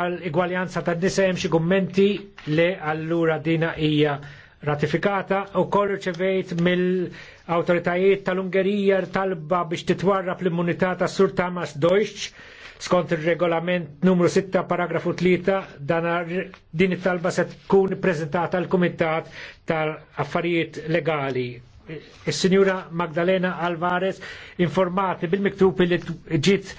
għal-igwaljanza ta' nisa hemm xi kummenti li allura dina hija ratifikata u kollu ċevejt mill-autoritajiet tal-Ungerija talba biex titwarra l-immunità ta' Sur Tamas Deutsch skont il-regolament numru 6 paragrafu 3 dan din it-talba se tkun prezentata l kumitat tal-affarijiet legali. Is-Sinjura Magdalena Alvarez informati bil-miktub li ġit